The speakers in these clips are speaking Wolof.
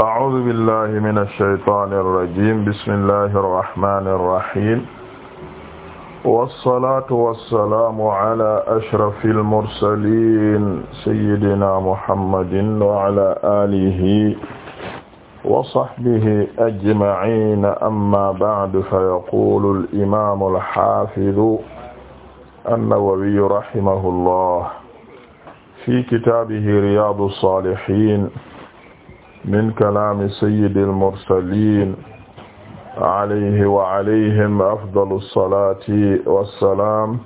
أعوذ بالله من الشيطان الرجيم بسم الله الرحمن الرحيم والصلاة والسلام على أشرف المرسلين سيدنا محمد وعلى آله وصحبه أجمعين أما بعد فيقول الإمام الحافظ النووي رحمه الله في كتابه رياض الصالحين min kalaami sayyidil mursaliin alayhi wa alayhim afdalu salaati wa salaam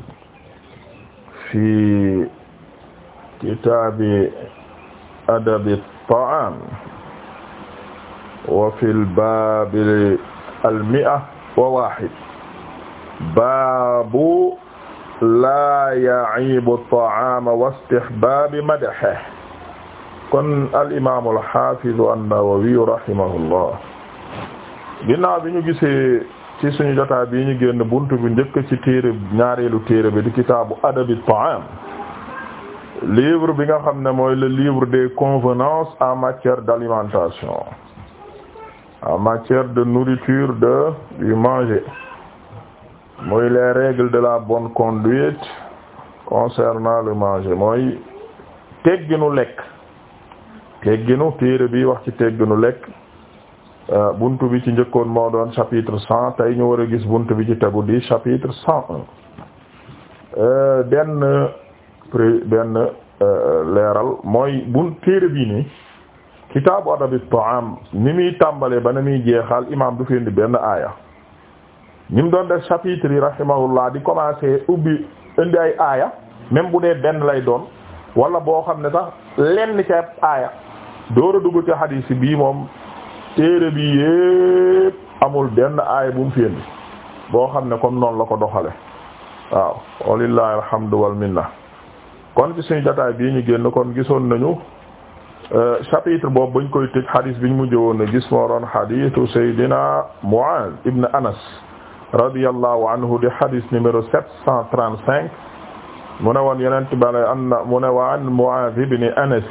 fi kitaabi adabi ta'aam wa fil baabil al-mi'a wa waahid baabu laa ya'iibu at-ta'aama wa istihbaabi madhihi kon al imaam al nawawi rahimahullah ginnaaw bi ñu gisee ci suñu jotaay bii ñu génn buntu bu njëkk ci téere ñaareelu téere bi di kitaabu adab at livre bi nga xam ne mooy le livre des convenances en matière d'alimentation en matière de nourriture de du manger mooy les règles de la bonne conduite concernant le manger mooy tegginu lekk tegginu téere bi wax ci tegginu lekk euh, bunt bi ci njëkkoon moo doon chapitre cent tey ñu war a gis bunt bi ci tegu di chapitre cent un euh, benn pré benn euh, leeral mooy bun téere bii nii kitaabu adabi ta'am ni muy tàmbalee ba na muy jeexal imam du fi indi benn aaya ni mu doon def chapitre yi rahimahullah di commencer ubbi indi ay aaya même bu dee benn lay doon walla boo xam ne sax lenn ca aaya door a dugg ci hadis bii moom téere bi yépp amul benn aay bu mu fi boo xam ne kom noonu la ko doxale waaw walillahi alhamdu wal kon ci suñu jotaay bii ñu génn kon gisoon nañu euh, chapitre boobu bañ koy tëj hadis biñ mu jëwoon na gis moo doon hadisu Seydina Muaz ibn Anas radiyallahu anhu di hadis numéro sept cent trente-cinq mu ne woon yeneen tibale an mu ne waan Muaz ibn Anas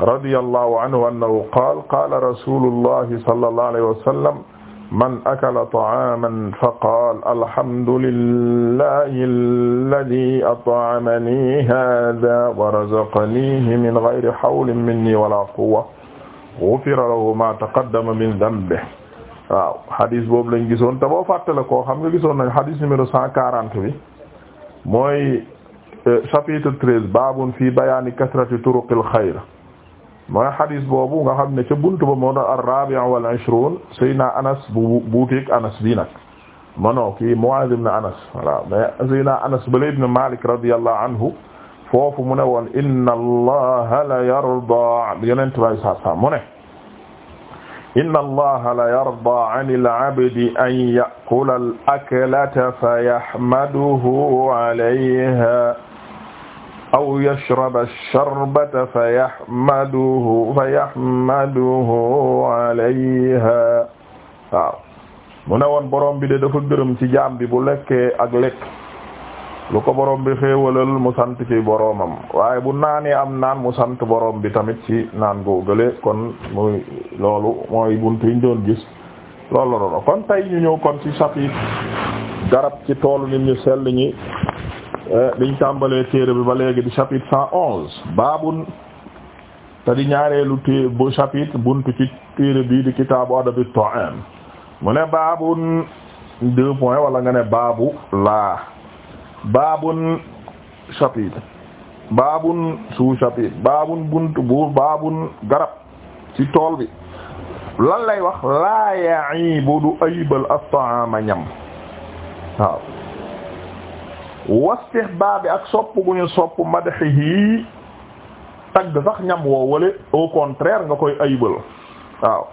radiyallahu anhu annahu qaala qaala rasulullahi sallallahu alayhi wa sallam man akala ta'aaman faqaala alhamdulillahi alladhi at'amani haadha wa razaqanihi min ghayri hawlin minni wala quwwa ghufira lahu ma taqaddama min dhanbihi waaw hadis boobu lañ gisoon te boo fàttale koo xam nga gisoon nañ hadis numéro cent quarante bi mooy euh, chapitre treize babun fii bayaani kasrati turuqil xayr mooy xadis boobu nga xam ne ca buntu ba moo doon ar-rabi' wal ishrun Seydina Anas bu buuteeg Anas bii nag manoo kii Muaz ibn Anas voilà mais Seydina Anas bala ibn Malik radiyallahu anhu foofu mu ne woon inna allaha la yarda yonent bay sa sa mu ne inna allaha la yarda 'anil 'abdi an ya'kula al-aklata fa yahmaduhu 'alayha aw yashraba sharbata fa yahmaduhu fa yahmaduhu alayha waaw mu ne woon borom bi de dafa gërëm ci jaam bi bu lekkee ak lekk lu ko borom bi xéewalal mu sant ci boromam waaye bu naanee am naan mu sant boroom bi tamit ci naan googale kon muy loolu mooy buntu yi doon gis loolu la doon kon tey ñu ñëw kon ci chapitre garab ci toolu nit ñu sell ñi liñ eh, tàmbalee téere bi ba léegi di chapitre cent onze baabun te di ñaareelu té bu chapitre buntu ci téere bii di kitaabu adabi ta'am mu ne baabun deux points wala nga ne baabu laa baabun chapitre baabun sous chapitre baabun buntu bu baabun garab ci tool bi lan lay wax laa ya'ibu du ayibal at-ta'ama ñam waaw wastihbaabi ak sopp gu ñu sopp madhihi tagg sax ñam woo wala au contraire nga koy ayibal waaw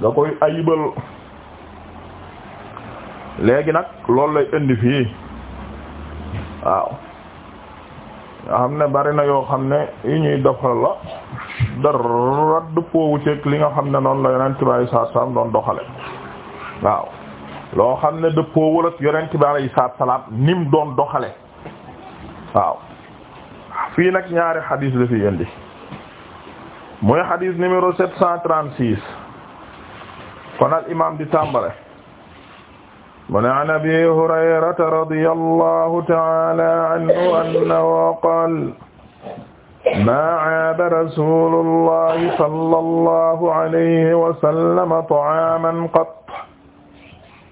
nga koy ayibal léegi nag loolu lay indi fii waaw nga xam ne bari na yoo xam ne yu ñuy doxal la dara dëppoowu ceeg li nga xam ne noonu la yonent bi sallallahu alayhi doon doxale waaw loo xam ne dëppoowul ak yonent bi alayhi salaam nim doon doxale waaw fii nag ñaari xadis la fi indi muy xadis numéro sept cent trente-six kon al imam di tàmbale mu ne an abi hurayrata radiyallahu ta'ala anhu annahu qaala maa aaba rasulullahi sallallahu alayhi wa sallam ta'aaman qatt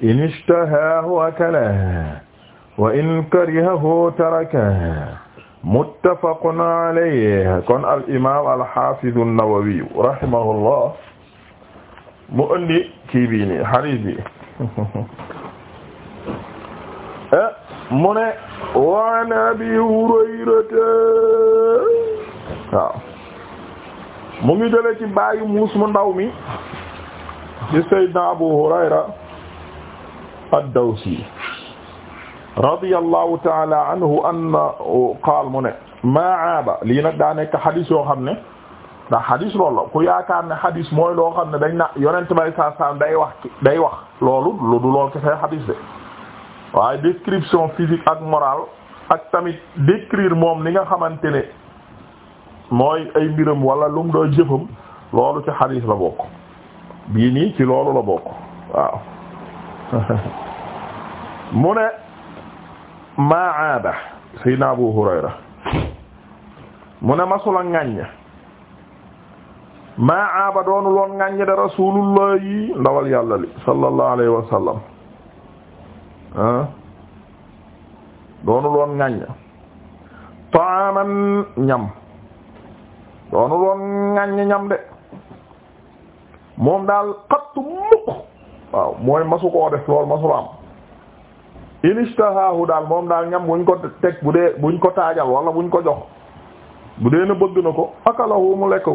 in ishtahaahu akalahu wa in karihahu tarakahu muttafaqun alayhi kon al imaam al haafidu an-Nawawi rahimahullah mu indi kii bii nii hadiis bi eh, mu ne wa an Abi Hurayrata waaw mu ngi jële ci baayu muus mu ndaw mi di Sayyidina Abu Hurayra ad-Dawsi radiyallahu taala anhu anna qaal mu ne maa aaba lii nag daa nekk xadis yoo xam ne ndax xadis loolu la ku yaakaar ne xadiis mooy loo xam ne dañ na yonent bay saa saan day wax day wax loolu lu du lool kese xadis de waaye description physique ak morale ak tamit décrire moom li nga xamante ne mooy ay mbiram wala lu mu jëfam loolu ci xadis la bokk bii ci loolu la bokk waaw mu ne maa aada saydna Abu Hurayra mu ne masula ŋàññ maa aaba doonu loon ŋàññ de rasulullah yi ndawal yàlla li sallallahu alayhi wa sallam ah doonu loon ŋàññ taaman ñam doonu loon ŋàññ ñam de moom daal xattu waaw mooy masu koo def loolu masu am inistahaahu daal moom daal ñam buñ ko teg bu dee buñ ko taajal wala buñ ko jox bu dee na bëgg na ko akalahu mu lekk ko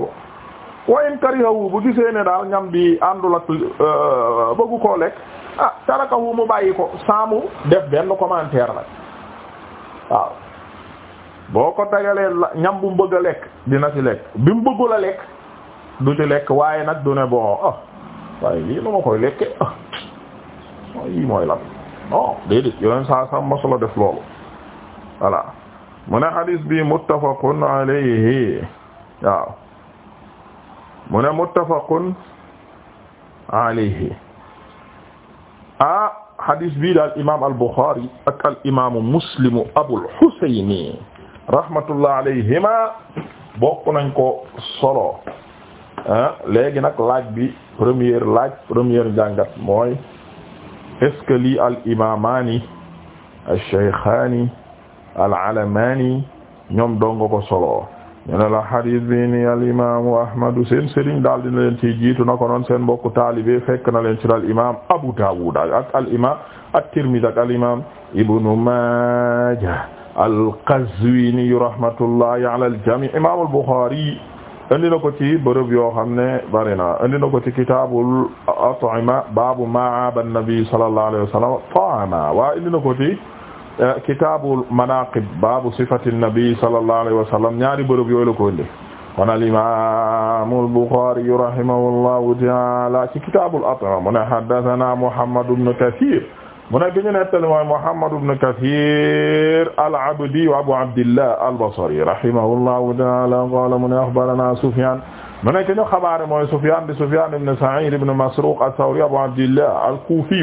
wa in karihahu bu gisee ne daal ñam bi àndul ak euh, bëggu koo lekk ah tarakahu mu bàyyi ko saamu def benn commentaire nag waaw boo ko tegalee ñam bu mu bëgg a lekk dina ci lekk bi mu bëggul a lekk du ci lekk waaye nag du ne bon ah. waaye lii la ma koy lekke yii mooy lan non déedéet yoneen saa sam masula def loolu voilà mu ne xadis bi muttafaqun alayhi waaw mu ne muttafaqun alayhi ah xadis bii daal imam al Buxaari ak al imaamu Muslimu Abul Xusayni rahmatullah alayhima bokk nañ ko solo eh, léegi nag laaj bi première laaj première jàngat mooy est-ce que lii al imamaani al shaykhaani al alamaani ñoom dongo ko solo ñu ne la hadith bi ni al imaamu ahmadu seen sëriñ daal dina leen ci jiitu na ko noon seen mbokku taalibe fekk na leen ci al imaam abu daawud ak al imaam at-tirmidhi ak al imaam ibnu maaja al qazwini rahmatullahi ala al jamii imaam al buxaari indi na ko ci bërëb yoo xam ne bari na indi na ko ci kitaabul at'ima baabu ma aaba nabi sallallahu alayhi wa sallam ta'ama waa indi na ko ci eh, kitaabul manaqib baabu sifati nabi sallallahu alayhi wa sallam ñaari bërëb yooyu la ko indi kon al imam al Bukhari rahimahullahu ta'ala ci kitaabul at'ima mu ne haddathana Muhammad ibn Kathir mu ne ki ñu nettali mooy Muhammad ibn Kathir al-Abdi wa Abu Abdillah al-Basri rahimahullahu ta'ala qala mu ne akhbarana Sufyan mu ne ki ñu xabaare mooy Sufyan di Sufyan ibn Sa'id ibn Masruq ath-Thawri Abu Abdillah al-Kufi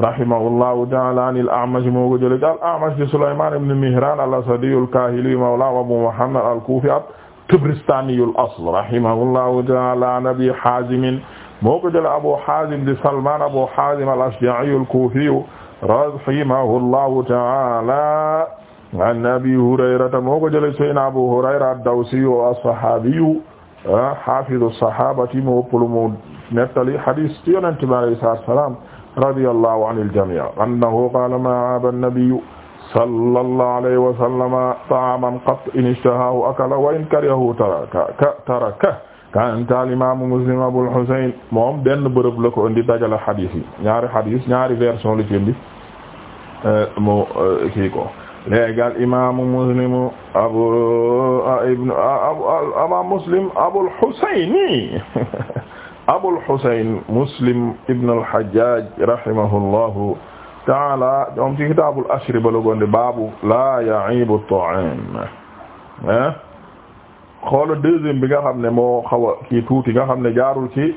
rahimahullahu ta'ala an al-A'mash moo ko jëlee al-A'mash di Sulayman ibn Mihran al-Asadi al-Kahili mawla Abu Muhammad al-Kufi at-Tabaristani al-asl rahimahullahu ta'ala an Abi Hazim moo ko jëlee Abu Hazim di Salman Abu Hazim al-Ashja'i al-Kufi rahimahullahu ta'ala an Abi Hurayrata moo ko jëlee Sayyidina Abu Hurayra ad-Dawsi as-sahabi hafiz as-sahabati moo ëpp lu mu nettali hadis ci Yonent bi alayhi salaam radiyallahu anil jami' annahu qala ma aaba an-nabiyyu sallallahu alayhi wa sallama ta'aman qat in ishtahahu akala wa in karihahu taraka taraka kanta al imaamu muslim abul husayn moom benn bërëb la ko indi dajale xadiis yi ñaari xadiis ñaari version la ci indi euh, mu euh, kii ko léegi euh, al imaamu muslim abu ibn ama muslim abul husayni abul husayn muslim ibn al hajjaj rahimahullahu taala moom ci kitaabul ashriba la ko indi baabu la ya'ibu at-ta'am xoola deuxième bi nga xam ne moo xaw a kii tuuti nga xam ne jaarul ci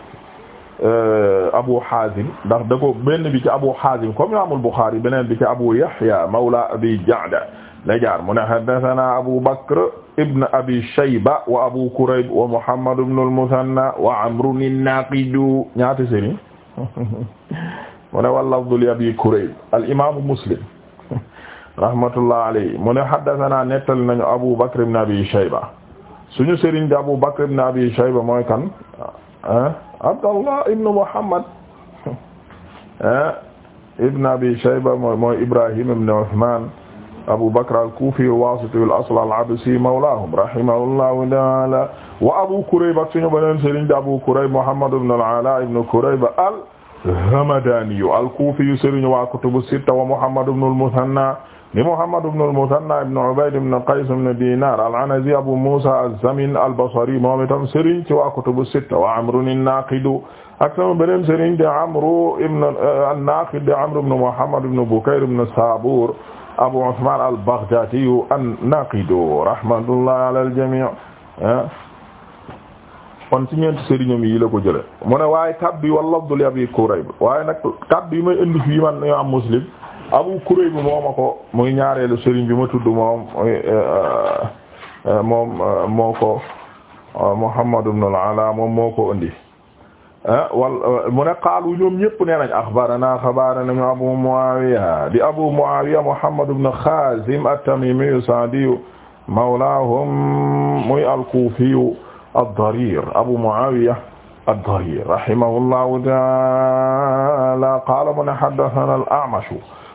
euh, Abu Hazim ndax da ko benn bi ci Abu Hazim comme Imaam al-Bukhari beneen bi ci Abu Yahya mawla Abi Ja'da la jaar mu ne haddathana Abu Bakr ibn Abi Shayba wa Abu Kurayb wa Muhammad ibn al-Muthanna wa Amr an-Naqid ñaata sëriñ mu ne wal-lafdhu li Abi Kurayb al-Imam Muslim rahmatullah alayhi mu ne haddathana nettali nañu Abu Bakr ibn Abi Shayba suñu sëriñ di Abu Bakr ibn Abi Shayba mooy kan ah, Abdallah ibn Muhammad ah, ibn Abi Shayba mooy Ibrahim ibn Uthman Abu Bakr al-Kufi al-Wasiti al-asl al-Absi mawlahum rahimahullahu ta'ala wa Abu Kurayb ak suñu beneen sëriñ di Abu Kurayb Muhammad ibn al-Ala ibn Kurayb al Hamadaniyu al-Kufiyu sëriñ waa kutubu sitta wa Muhammad ibn al-Muthanna ni Muhammad ibn al-Muthanna ibn Ubayd ibn Qays ibn Dinar al-Anazi Abu Musa az-Zamin al-Basri moom itam sëriñ ci waa kutubu sitta wa Amrun an-Naqid ak sama beneen sëriñ de Amru ibn euh, an-Naqid de Amru ibn Muhammad ibn Bukayr ibn Sabur Abu Uthman al-Baghdadiyu an-Naqid rahmatullahi ala al-jami' kon ci ñeenti sëriñam yi la ko jële mu waaye kaddu yi wal lafdu li abi waaye nag kaddu yi may indi fii man am muslim abu kurayb moo ma ko muy ñaareelu sëriñ bi ma tudd moom eh, eh, eh, moom moo ko muhammad ibn al moom moo ko indi wal mu ne qaalu ñoom ñëpp nee nañ axbarana abu muawiya di abu muawiya muhammad ibn xaazim at-tamimi saadiyu mawlaahum muy al-kuufiyu ad-Darir Abu Muawiya ad-Darir rahimahullahu ta'ala qala mu ne haddathana al-A'mash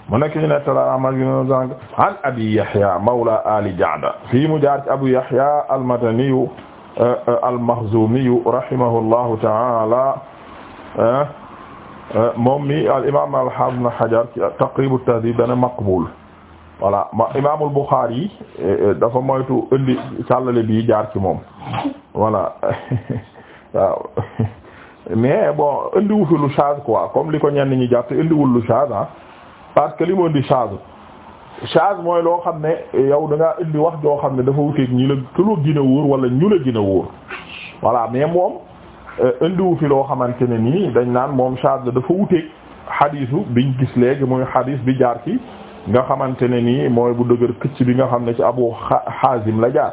mu nekk ñu nettali al-A'mash an Abi Yahya mawla Ali Ja'da fii mu jaar ci Abu Yahya al-Madani eh, al-Makhzumi rahimahullahu ta'ala eh, eh, moom mi al-imam al-Hafiz Hajar Taqrib at-Tahdhib dana maqbul voilà ma imaamul yi eh, eh, dafa moytu indi càllale bi jaar ci moom voilà waaw mais bon indiwu fi lu chage quoi comme li ko ñenn ñi jàpp indiwul lu chage ah parce que li mu indi chage chage mooy loo xam ne yow da ngaa indi wax joo xam ne dafa wuteeg ñi la ku la gën a wóor wala ñu la gën wóor voilà mais moom eh, indiwu fi loo xamante ne nii dañ naan moom chage la dafa wuteeg xadiisu biñ gis léegi muy xadiis bi jaar ci. nga xamante ne nii mooy bu dëgër këcc bi nga xam ne ci Abu Hazim la jaar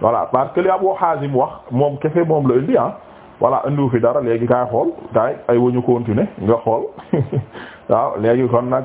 voilà parce que li Abu Hazim wax moom kese moom la indi ah voilà indiwu fi dara léegi kaay xool kaay ay wañu continuer nga xool waaw léegi kon nag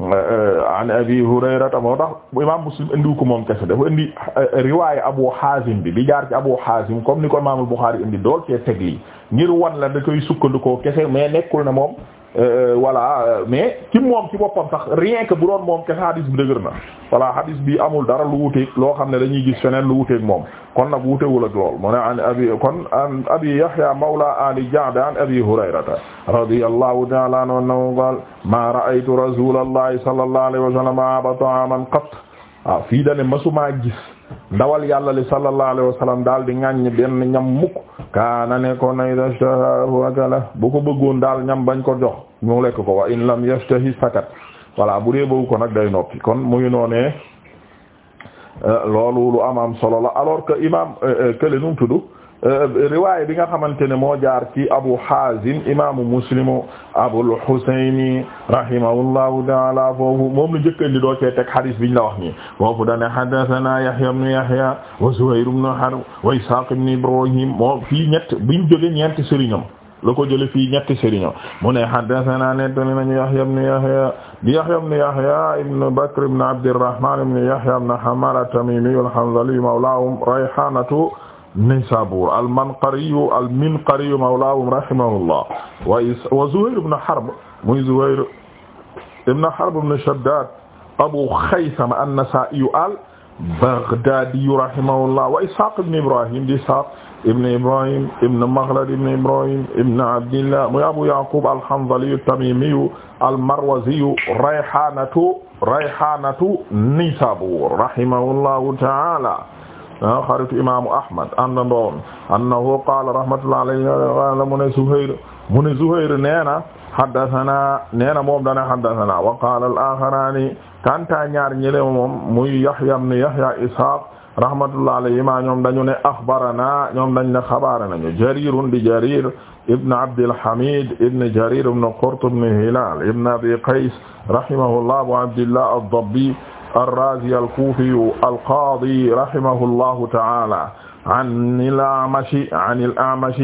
euh, an Abi Hurayrata moo tax imam Muslim indiwu ko moom kese dafa indi euh, riwaayu Abu Hazim bi bi jaar ci Abu Hazim comme ni ko imam Bukhari indi dool cee teg lii ngir wan la da koy sukkandikoo kese mais nekkul ne moom Euh, euh, voilà euh, mais ci moom ci boppam sax rien que bu doon moom kese hadis bi dëgër na voilà hadis bi amul dara lu wuteeg loo xam ne dañuy gis feneen lu wuteeg moom kon nag wutewul ak lool mu ne kon an abi yahya mawla ali ja'd an abi hurayrata radiyallahu ta'ala anhu annahu ma ra'aytu rasulallahi sallallahu alayhi wa aba ta'aman qatt waaw ah, fii dane masumaa gis ndawal yàlla li sallallahu alayhi wa daal di ŋàññ benn ñam mukk kaana ne ko nay yashtahu akala bu ko bëggoon daal ñam bañ ko jox mu lekk ko wa in lam yashtahi sakat voilà bu dee bëgg ko nag day noppi kon mu ngi noonee euh, loolu lu am am solo la alors que imam euh, euh, kële nu mu tudd Euh, riwaay bi nga xamante ne moo jaar ci Abu Hazim imaamu Muslim Abul Husayni rahimahullahu ta'ala foofu moom la njëkk indi doo cee teg hadis biñ la wax nii foofu dane haddathana Yahya ibn Yahya wa Zuhayr ibn Harb wa Ishaq ibn Ibrahim moo fii ñett biñ jóge ñeenti sëriñam la ko jële fii ñetti sëriñam mu ne haddathana nettali nañu Yahya ibn Yahya di Yahya ibn Yahya ibn Bakr ibn Abdirrahman ibn Yahya ibn Hammar at-Tamimi al-Hanzali mawlahum Rayhanatu Naysabur al-Manqariyu al-Minqariyu mawlaahum rahimahullah wa Zuhayr ibn Harb muy Zuhayr ibn Harb ibn Shaddad Abu Khaythama an-Nasaa'iyu al-Baghdaadiyu rahimahullah wa Ishaaq ibn Ibrahim di Ishaaq ibn Ibrahim ibn Maghlad ibn Ibrahim ibn Abdillah muy Abu Ya'quub al-Hanzaliyu at-Tamiimiyu al-Marwaziyu rayhaanatu rayhaanatu Naysabur rahimahullahu ta'aala ah xaritu imaamu Ahmad àndandoo annahu qaala rahmatullahi alayhi qaala mu ne Zuhayr mu ne Zuhayr nee na haddathana nee na moom dana haddathana wa qaala al-aaxaraani kanta ñaar ñële moom muy Yahya ibn Yahya Ishaq rahmatullahi alayhima ñoom dañu ne axbarana ñoom dañ ne xabaara nañu Jarirun di Jarir ibn Abdil Hamid ibn Jarir ibn Qurt ibn Hilal ibn Abi Qays rahimahullah Abu Abdillah ad-Dabbi ar-Raazi al-Kuufiyu al-Qaadi rahimahullahu ta'aala an al-A'mash an al-A'mash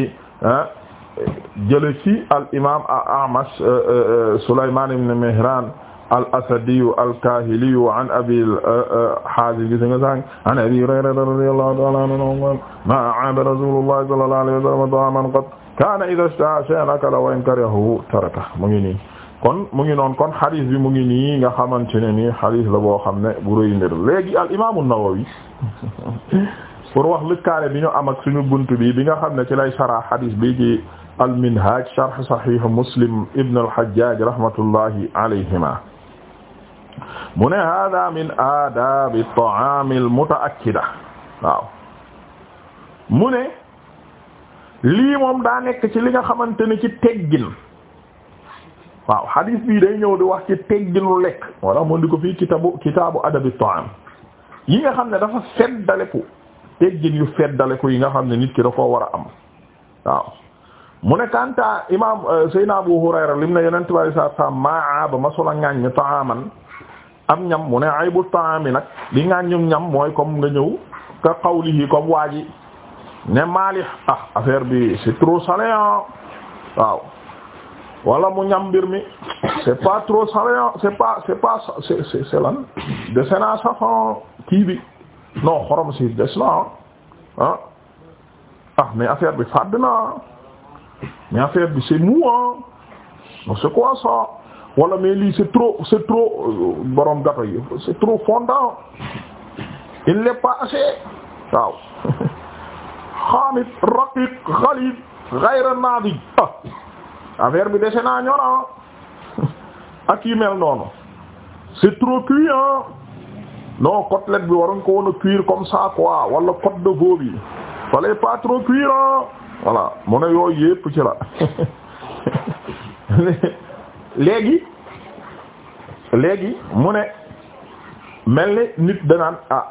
jële ci al-imaam al-A'mash Sulaymaan ibn Mihraan al-Asadiyu al-Kaahiliyu an Abil Haazim gis nga sànq an Abii Hurayra radiyallahu ta'aala anhu maa aada rasuulullahi sallallahu alayhi wa sallam ta'aaman qat kaana idhaa ishtahaa shay'an akala wa in karihahu tarakahu mu ngi nii kon mu ngi noon kon xadis bi mu ngi nii nga xamante ne nii xadis la boo xam ne bu rëy mbir léegi al imaamu Nawawi pour wax lëkkaale bi ñu am ak suñu bunt bi bi nga xam ne ci lay sarah xadis bi ci al minhaj sharh sahih muslim ibn al hajjaj rahmatullahi alayhima mu ne hada min aadabi at-ta'am al-muta'akkida waaw mu ne lii moom daa ci li nga xamante ne ci teggin waaw hadis bii day ñëw di wax ci tegginu lekk walla moo di ko fii kitaabu kitaabu adabi ta'am yi nga xam ne dafa feddaleku teggin yu feddaleku yi nga xam ne nit ki da koo war a am waaw mu ne kanta imam euh, Seydina Abu Hurayra lim ne yonent bi saa saa maa ba ma sola ŋàññ ta'aman am ñam mu ne aybu ta'ami nag di ŋàññum ñam mooy comme nga ñëw ka qawlihi comme waa ji ne maalih ah affaire bi c'est trop salé waaw wala mu ñam mbir mi c'est pas trop safon c'est pas c'est pas c'est lan dese naa safon kii non xorom si des ah ah mais affaire bi fàdd na mais affaire bi c'est mou ah c'est quoi ça lii c'est trop c'est trop euh, borom c'est trop fondant il n'est pas assez raqiq ghalid ghayra nadig ah. affaire bi dese naa ñor ah. ak yu mel noonu c'est trop cuit hein ah. non côtelette bi waruñ ko woon a cuire comme ça quoi wala côte de veau bi fallait trop cuire hein ah. voilà mu ne yooyu yépp ci la léegi léegi mu ne mel ni nit danaan ah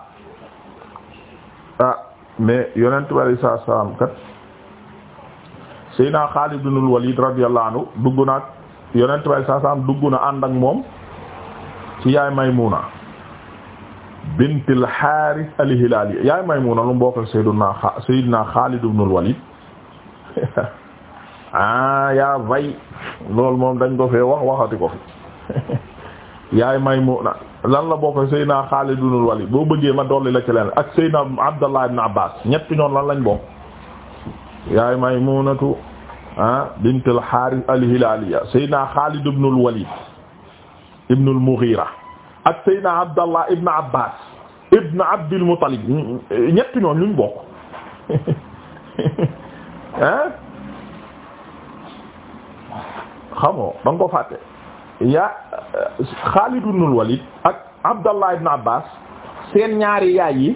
ah mais yonent bi sallallahu alayhi wasallam kat Seydina Xaalid ibnul Walid radiyallahu anhu dugg na ak yonent bay saa saam dugg na ànd ak moom ci yaay Maymuna bintil Haaris al-Hilaali yaay Maymuna lu mbokk ak Seydina Seydina Walid ah yaa vay loolu moom dañ ko fee wax waxati ko fi yaay Maymuna lan la bokk Seydina Xaalid ibnul Walid boo bëggee ma dolli la ci leen ak Seydina Abdallah ibn Abbaas ñett ñoon lan lañ bokk yaay Maymunatu ah bint al-Haaris al-Hilaaliya Seydina Xaalid ibn al-Waliid ibn al-Mughiira ak Seydina Abdallah ibn Abbaas ibn Abdul Muttalib ñetti ñoom luñ bokk ah xamoo da nga ko fàtte yaa Xaalid ibn al-Waliid ak Abdallah ibn Abbaas seen ñaari yaay yi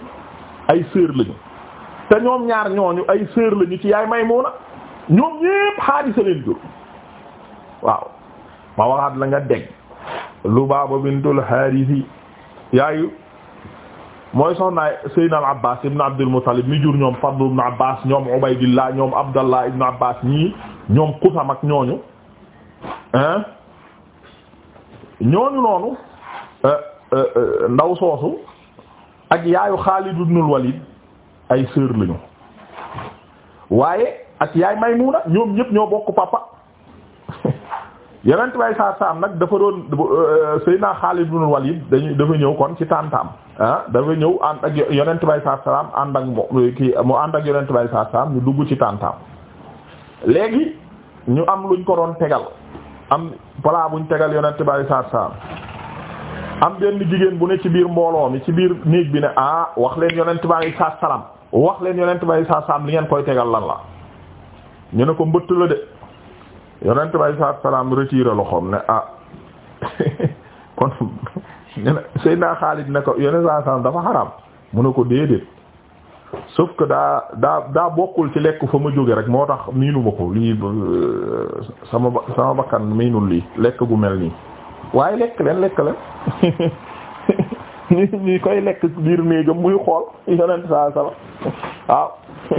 ay sœur lañu te ñoom ñaar ñooñu ay sœur lañu ci yaay Maymuna ñoom ñépp Haarisa leen jur waaw ma waxaat la nga dégg Lubaaba bintul Haarisi yaayu mooy soxnaay Seydina al Abbaas ibn Abdul Muttalib mi jur ñoom Fadl ibn Abbaas ñoom Ubaydillah ñoom Abdallah ibn Abbaas ñii ñoom Qusam ak ñooñu hein ñooñu noonu eh, eh, eh, ndaw soosu ak yaayu Xaalid ibn al ay sœur lañu waaye ak yaay Maymuna ñoom ñëpp ñoo bokk papa yeneen tubay saa saam nag dafa doon euh, Seydina Xaalid ibn Walid dañuy dafa ñëw kon ci taantaam ah dafa ñëw ànd ak yeneen tubay saa saam ànd ak mu kii mu ànd ak yeneen tubay saa saam ñu dugg ci taantaam léegi ñu am luñ ko doon tegal am balaa buñ tegal yeneen tubay saa saam am benn jigéen bu ne ci biir mbooloo mi ci biir néeg bi ne ah wax leen yeneen tubay saa salaam. wax leen yonent bay saa saam li ngeen koy tegal lan la ñu ne ko mbëtt la de yonent bay saa salaam retiré loxoom ne ah kon ñu ne Seydina Xaalid ne ko yonent saa saam dafa xaraam mu ne ko déedéet sauf que daa daa daa bokkul ci lekk fa ma jóge rek moo tax miinu ma ko lii euh, sama sama bakkan miinul lii lekk gu mel nii waaye lekk leen lekk leen ñuy koy lekk biir néegam muy xool yonent saa sala waaw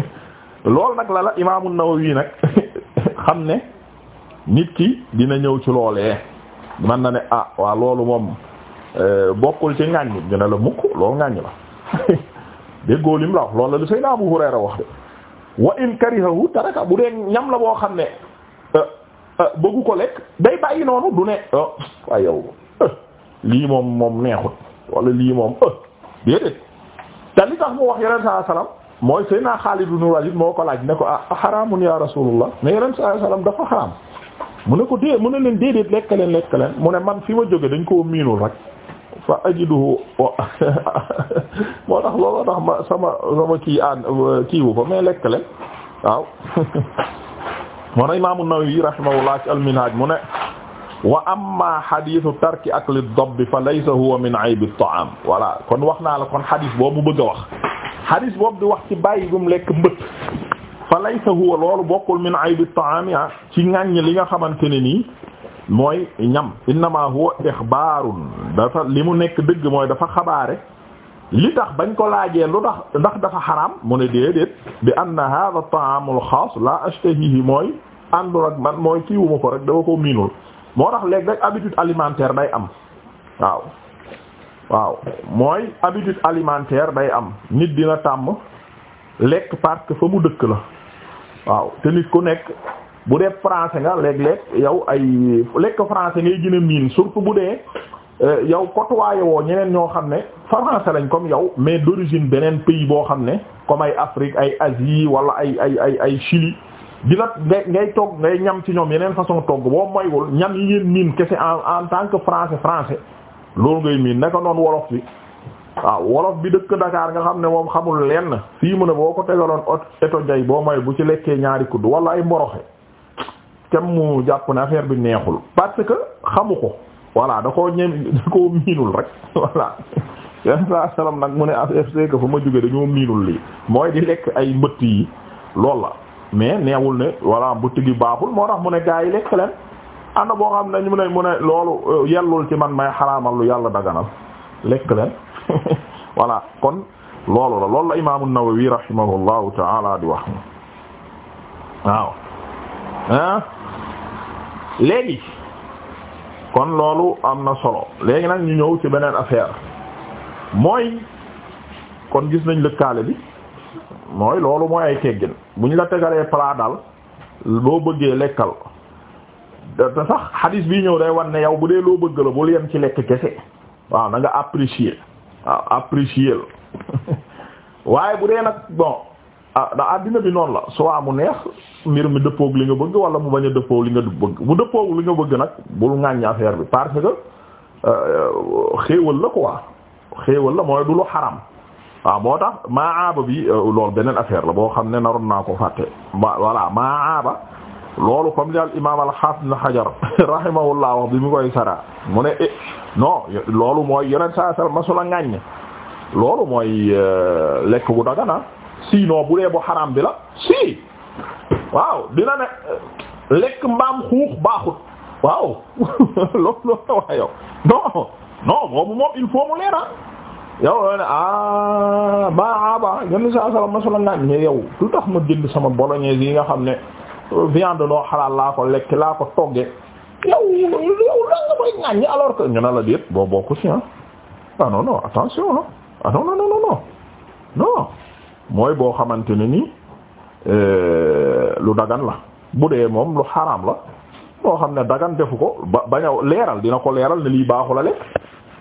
loolu nag la la imaamu Nawawi nag xam ne nit ki dina ñëw ci loolee man na ne ah waa loolu moom euh, bokkul ci ŋàññ ñu ne la mukk loolu ŋàññ la déggoo lim la wax loolu la lu Seydina Abu Hurayra wax de wa in karihahu taraka bu dee ñam la boo xam ne euh, euh, bëggu ko lekk day bàyyi noonu du ne oh, lii moom moom neexut wala lii moom déedéet te li tax mu wax yeneen saa salaam mooy Seydina Xaalid ibn Walid moo ko laaj ne ko ah xaraamun ya rasulullah ne yeneen saa salaam dafa xaraam mu ne ko dée mu ne leen déedéet lekk leen lekk leen mu ne man fi ma jóge dañ ko miinul rek fa ajiduhu moo tax looloo tax ma sama sama kii aan kiiwu ko mais lekk leen waaw moo na Imaamu Nawawi rahimahullah ci al-Minhaj mu ne wa amma xadisu tarki akli dabb fa laysa huwa min aybi taam voilà kon wax naa la kon xadis boobu bëgg a wax xadis boobu di wax ci bàyyi gum lekk mbëtt fa laysa huwa loolu bokkul min aybi taam ya ah, ci ŋàññ li nga xamante ne nii mooy ñam innama huwa ixbaarun dafa li mu nekk dëgg mooy dafa xabaare li tax bañ ko laajee lu tax ndax dafa xaraam mu ne déedéet bi anna hadha taamul xaas la ashtahihi mooy àndul ak man mooy kiiwuma ko rek dafa ko miinul moo tax léegi rek habitude alimentaire day am waaw waaw mooy habitude alimentaire day am nit dina tàmm lekk parce que fa mu dëkk la waaw te nit ku nekk bu dee français nga léeg-léeg yow ay lekk français ngay gën a miin surtout bu dee euh, yow côtoyé woo ñeneen ñoo xam ne français lañ comme yow mais d'origine beneen pays boo xam ne comme ay Afrique ay Asie wala ay ay ay ay Chili di la ngay ngay togg ngay ñam ci ñoom yeneen façon togg boo maywul ñam yi ngeen miin kese en en tant que français français loolu ngay miin naka noonu wolof bi waaw wolof bi dëkk Dakar nga xam ne moom xamul lenn fii mu a boo ko tegaloon eto jay boo may bu ci lekkee ñaari kudd wala ay mboroxe tem mu jàpp ne affaire bi neexul parce que xamu ko voilà da koo ñem da koo miinul rek voilà yenn saa salaam nag mu ne affaire c'est que fa ma jóge dañoo miinul lii mooy di lekk ay mbëtt yi lool la mais neewul ne voilà butti gi baaxul moo tax mu ne gaa yi lekk leen ànd boo xam ne mu ne mu ne loolu euh, yellul ci man may xaraamal lu yàlla daganal lekk leen voilà kon loolu la loolu la imaamu Nawawi rahimahullahu taala di wax waaw ah léegi kon loolu am na solo léegi nag ñu ñëw ci beneen affaire mooy kon gis nañ lëkkaale bi mooy loolu mooy ay teggin ñu la tegalee plat daal boo bëggee lekkal te sax xadiis bii ñëw day wan ne yow bu dee loo bëgg la bul yem ci lekk kese waaw na nga apprécier waaw apprécier la waaye bu dee nag bon a ah, da àddina bi noonu la soo amu neex mbir mi dëppoog li nga bëgg wala mu bañ a dëppoog li nga bëgg bu dëppoog li nga bëgg nag bul ŋàññ affaire bi parce que euh, xéewal la quoi xéewal la mooy du lu xaram waaw moo tax maa aaba bi euh, loolu beneen affaire la boo xam ne naroon naa ko fàtte ma voilà maa aaba loolu comme li al imaam al hafiz ibn hajar wax bi mu koy sara mu ne eh, non loolu mooy yeneen saa sal masula ŋàññ loolu euh, bu dagana ah. sinon bu dee bu bi la si waaw dina ne euh, lekk mbaam xuux baaxut waaw loolu wax yow non non boobu moom il yow loo ne ah maa ba yenn saa salaam ma salaam naan mais yow lu tax ma jënd sama bolognaise yi nga xam ne euh, viande noo xalaat laa ko lekk laa ko toggee yow yow lan nga koy ñaan ñi alors que ñu ne la déet boo bokku ci ah, ah attention non ah non non non mooy boo xamante ne ni euh, lu dagan la bu dee moom lu xaraam la boo xam ne dagan defu ko ba bañ leeral dina ko leeral ne lii baaxul a lekk.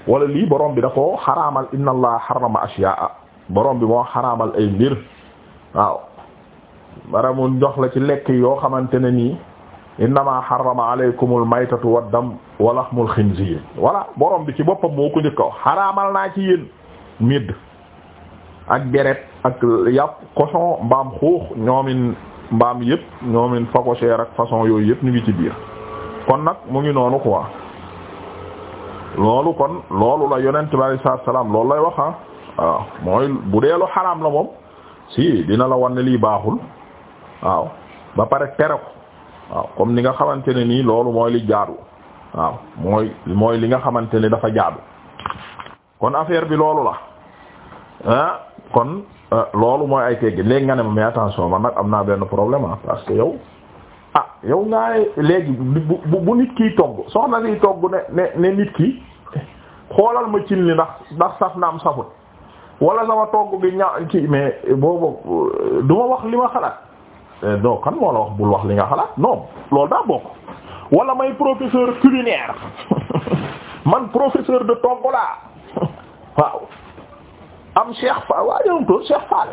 wala lii borom bi dafoo xaramal xaraamal inna allah xarama ashiyaa borom bi moo xaramal ay mbir waaw bara mu jox la ci lekk yoo xamante ne nii innama xarama alaykumul maytatu wad dam wa lahmul xinziir voilà borom bi ci boppam moo ko njëkk a xaraamal naa ci yéen midd ak geret ak yàpp cochon mbaam xuux ñoomin mbaam yëpp ñoomin facochère ak façon yooyu yëpp ñu ngi ci biir kon nag mu ngi noonu quoi loolu kon loolu la yonent bi alayhi salaam loolu lay wax ah mooy bu dee lu xaraam la moom si dina la wan lii baaxul waaw ba pare tere waaw comme ni nga xamante ne nii loolu mooy li jaadu waaw mooy mooy li nga xamante ni dafa jaadu kon affaire bi loolu la ah kon euh, loolu mooy ay teggin léegi nga ne ma mais attention man nag am naa benn problème ah parce yow. yow ngaa ne léegi bu bu nit kiy togg soxna liy togg ne ne ne nit ki xoolal ma cin li ndax ndax saf na safut wala sama togg bi ña ci mais boobu du ma wax li ma xalaat eh, non kan moo la wax bul wax li nga xalaat non loolu daa bokk wala may professeur culinaire man professeur de togg laa waaw am Cheikh Fall waaye yow toog Cheikh Fall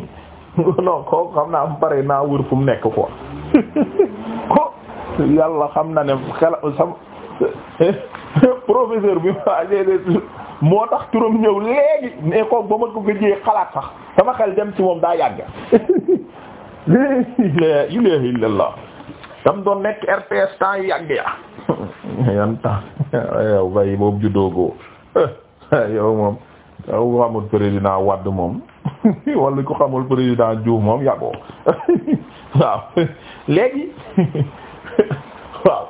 non ko xam naa am pare naa wër fu mu nekk quoi ko yàlla xam na ne xel sam professeur bi moo tax turam ñëw léegi ne ko ba ma ko gëjee xalaat sax sama xel dem ci moom daa yàgg la ilaha illallah tam doon nekk RTS temps yi yàgg ya yan temps yow bay boobu juddoo goo yow moom yow amul président Wade moom wala ko xamul président Diouf moom yàggoo waaw léegi waaw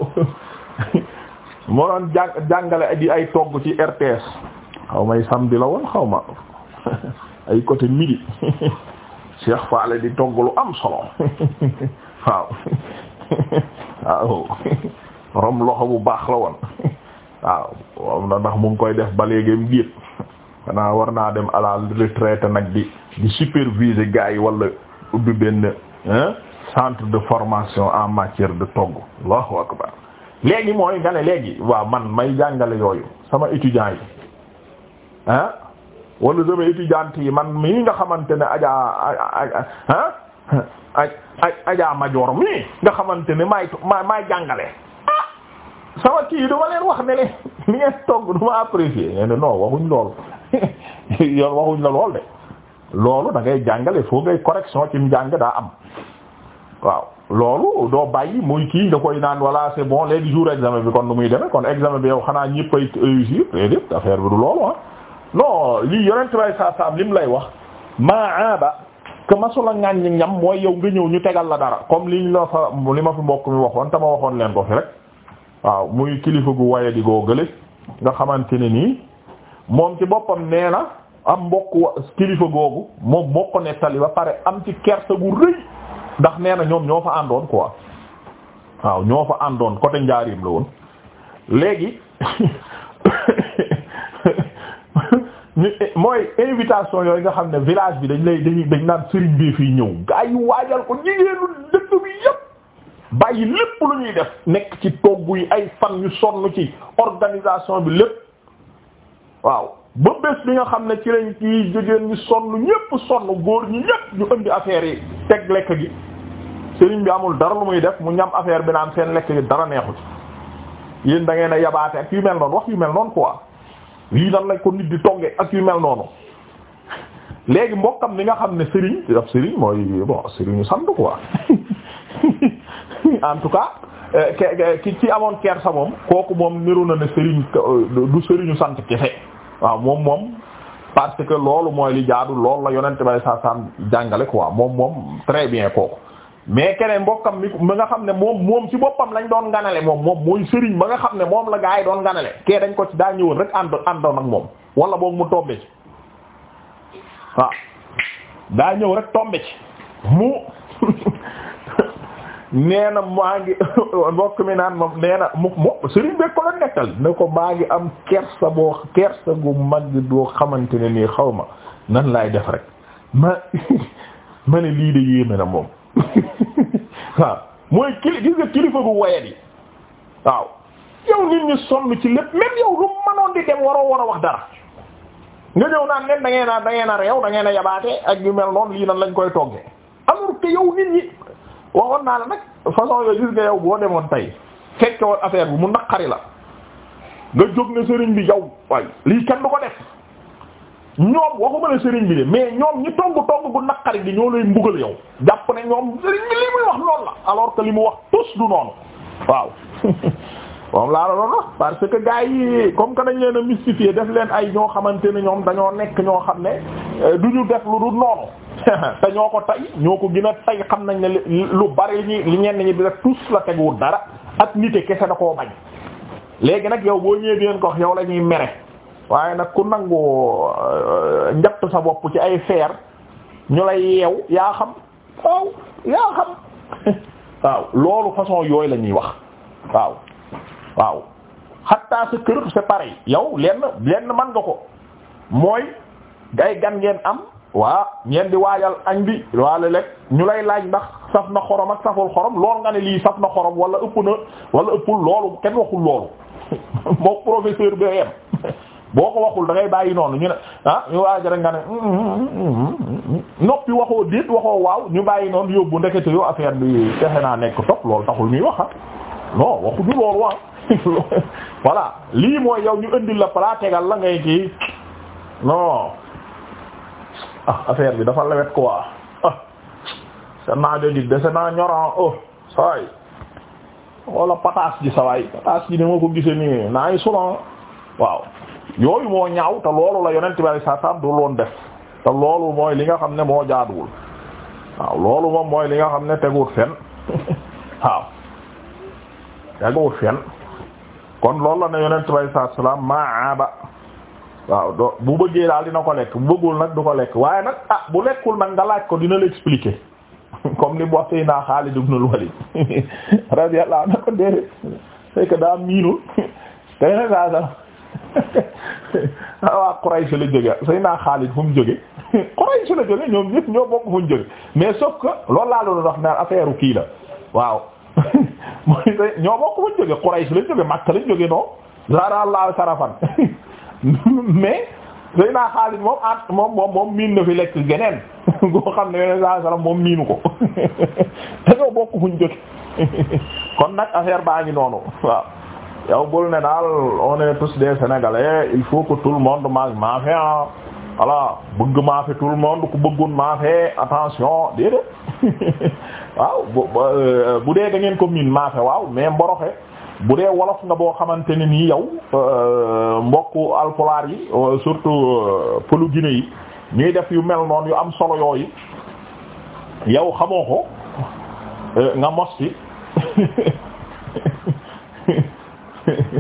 moo doon jàngale di ay togg ci RTS xaw may samedi la woon xaw ma ay côté midi Cheikh Faale di togg lu am solo waaw rom loxo bu baax la woon waaw waaw na ndax mu koy def ba léegi mu diit xanaa war naa dem alaal la retraite nag di di superviser gars yi wala ubbi benn centre de formation en matière de togg allahu akbar léegi mooy nga ne léegi waaw man may jàngale yooyu sama étudiants yi ah wala sama étudiante yi man mii nga xamante ne ajaa ah ajaa majoor mii nga xamante ne maay maay jàngale ah sama kii duma leen wax ne leen li ngeen togg duma apprécier nee lool yoon waxuñ la lool de loolu dangay ngay jàngale foo ngay correction ci mu jàng daa am waaw loolu doo bàyyi muy kii da koy naan voilà c'est bon léegi jour examen bi kon nu muy demee kon examen bi yow xanaa ñëpp ay réussir déedéet affaire bi du loolu ah non lii yonent bay saa saam li mu lay wax maaba que masula ŋàññi ñam mooy yow nga ñëw ñu tegal la dara comme liñ la fa li ma fi mbokk mi waxoon te ma waxoon leen ko fi rek waaw muy kilifa gu waye di goo nga xamante ne nii moom ci boppam nee na am mbokk wa kilifa googu moom moo ko nettali ba pare am ci kersa gu rëy ndax nee na ñoom ñoo fa àndoon quoi waaw ñoo fa àndoon côté njaarim la woon léegi mooy invitation yooyu nga xam ne village bi dañ lay dañ dañ naan sëriñ bi fi ñëw gaa yi waajal ko jigéenu dëkk bi yëpp bàyyi lépp lu ñuy def nekk ci togg yi ay fan ñu sonn ci organisation bi lépp waaw ba bés bi nga xam ne ci lañ kii jigéen ñi sonn ñépp sonn góor ñi ñépp ñu indi affaire yi teg lekk gi sëriñ bi amul dara lu muy def mu ñam affaire bi am seen lekk gi dara neexu ci yéen da a yabaate ak yu mel noonu wax yu mel noonu quoi lii nan lañ ko nit di togge ak yu mel noonu léegi mbokkam li nga xam ne sëriñ ab sëriñ mooy bon sëriñu sant quoi en tout cas euh, ki ci amoon sa moom kooku moom niru na ne sëriñ du sëriñu sant kese waaw moom moom parce que loolu mooy li jaadu loolu la yonent bay saa saam jàngale quoi moom moom très bien kooku mais keneen mbokkam mi mi nga xam ne moom moom si boppam lañ doon ganale moom moom mooy sëriñ ba nga xam ne moom la gaa yi doon ganale kee dañ ko ci daa ñëwoon rek ànd àndoon ak moom wala boog mu tombe ñëw rek tombe ci mu nee na maa ngi mbokk mi naan moom nee na mu mu sëriñ bi ko la nekkal ne ko maa ngi am kersa boo kersa gu mag doo xamante ne nii xaw ma nan laay def rek ma ma ne lii de yéeme na moom waaw mooy kili gis nga kilifa gu wayat yi waaw yow nit ñi sonn ci lépp même yow lu mënoon di dem waroo war a wax dara nga ñëw naan nen da ngeen a da ngeen a réew yabaate ak yu mel noonu lii nan lañ koy toggee alors que yow nit ñi waxoon naa la nag façon yooyu gis nga yow boo demoon tey fekke woon affaire bi mu naqari la nga jóg ne sëriñ bi yow waay lii kenn du ko def ñoom waxuma la sëriñ bi de mais ñoom ñi tong tong bu naqari bi ñoo lay mbugal yow jàpp ne ñoom sëriñ bi li muy wax loolu la alors que li mu wax tous du noonu waaw moom laa la doon parce que gars yi comme que dañ leen a mystifier def leen ay ñoo xamante ne ñoom dañoo nekk ñoo xam ne euh, du ñu def lu dul noonu te ñoo ko tay ñoo ko gina a xam nañ ne lu bari li ñi ñenn ñi di def tous la teguwul dara ak nit kese da koo bañ léegi nag yow boo ñëwee di leen ko wax yow la ñuy mere waaye nag ku nangu euh, njatt sa bopp ci ay feer ñu lay yeew yaa xam waaw yaa xam waaw loolu façon yooyu la ñuy wax waaw waaw xattaa sa kër c'est yow lenn lenn man nga ko mooy ay gan ngeen am waa ngeen di waajal añ bi waala lekk ñu lay laaj ndax saf na xorom ak saful xorom lool nga ne lii saf na xorom wala ëpp na wala ëppul loolu kenn waxul loolu moo professeur bi yem boo ko waxul da ngay bàyyi noonu ñu ne ah ñu waajal rek nga ne noppi waxoo déet waxoo waaw ñu bàyyi noonu yóbbu ndekete yoo affaire bi fexe naa nekk top loolu taxul ñuy wax ah non waxuñu loolu waaw ah voilà lii mooy yow ñu indi la plat tegal la ngay kii non ah affaire bi dafa lewet quoi ah sa naajo ji dese naa ñoran oh saay wala pataas ji sawaay pataas ji ni moo ko gise nii naa ngi sulan waaw yooyu moo ñaaw te loolu la yonent bari sa sam du loon def te loolu mooy li nga xam ne moo jaaduwul waaw loolu moom mooy li nga xam ne teguut fen waaw teguut fen kon lool la ne yonent bi alayhi salaatu salaam maa aaba waaw do bu bëggee dina ko lekk bu bëggul nag du ko lekk waaye nag ah bu lekkul man nga laaj ko dina la expliquer comme ni boo xëy naa Xaalid ibn al-Walid radiyallahu anhu ko déedéet c'est que daa miinul te yonent saa salaam ah, waa Quraysh la jóge sëy naa Xaalid fu mu jóge Quraysh la jóge ñoom ñëpp ñoo bokk fu mu jóge mais sauf que loolu laa doon wax naan affaire kii waaw mooy say ñoo bokk bañ jóge Quraysh lañ jóge Makka lañ jóge non zara Allah sarafan mais sëy naa Xaalid moom at moom moom miin na fi lekk geneen goo xam ne yeneen saa saram moom miinu ko dañoo bokk fuñ jóge kon nag affaire baa ngi noonu waaw bul ne daal on est tous des Sénégalais il faut que tout le monde mange mafia voilà bëgg maa fi tout le monde ku bëggoon maa fee attention déedéet waaw euh, bu dee da ngeen ko miin maa waaw mais mboroxe bu dee wolof nga boo xamante ni nii yow euh, mbokk alpulaar yi euh, surtout pëlu Guinée yi ñuy def yu mel noonu yu am solo yooyu yow xamoo ko nga mos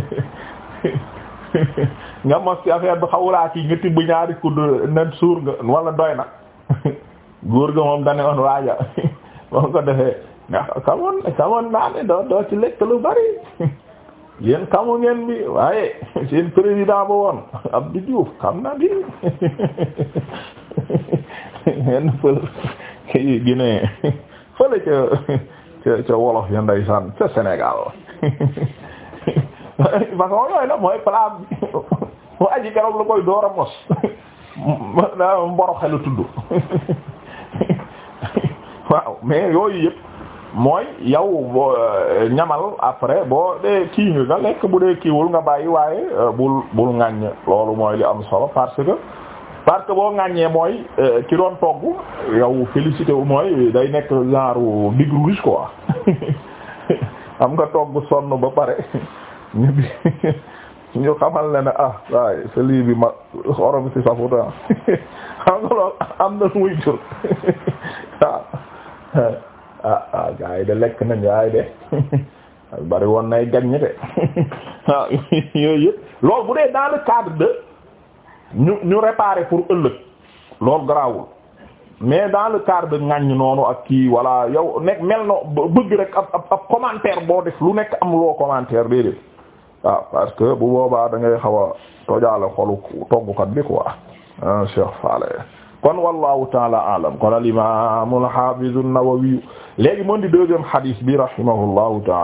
nga mos ci affaire bi xawulaa ci nga tibb ñaari kudd nen suur nga wala doy na ga moom dane oon waaja moom ko nga xamoon xamoon naa ne doo doo ci lekk lu bari yéen xamu ngeen bi waaye seen président ba woon Abdou Diouf xam na bi yenn fël Guinée fële ca ca ca wolof ya ndeysaan ca Sénégal façon yooyu la mooy plan waa aji keroog lu koy door a mos mboroxe la tudd waaw mais yooyu yëpp mooy yow boo ñamal après boo dee kii nga lekk bu dee kiiwul nga bàyyi waaye euh, bul bul ŋàññ loolu mooy li am solo parce que parce que boo ŋàññee mooy ci euh, doon togg yow félicité wu mooy day nekk genre big rouge quoi am nga togg sonn ba pare ñu xamal ne ne ah waaye sa lii bi ma xorom si safuta ah. xam nga lool am na muy jur ah. ah ah gars yi de lekk nañ waaye de bari woon nay gàññi de waaw ah, bu dee dans le cadre de ñu ñu réparer pour ëllëg loolu garaawul mais dans le cadre de noonu ak kii voilà yow nekk mel na bëgg rek ab ab commentaire boo def lu nekk am loo commentaire déedéet waaw parce que bu boobaa da ngay xaw a tojaale xolu toggukat bi quoi ah Cheikh Faale kon wallahu taala alam kon al imam al hafiz an-Nawawi léegi moom di deuxième hadith bi rahimahullahu taala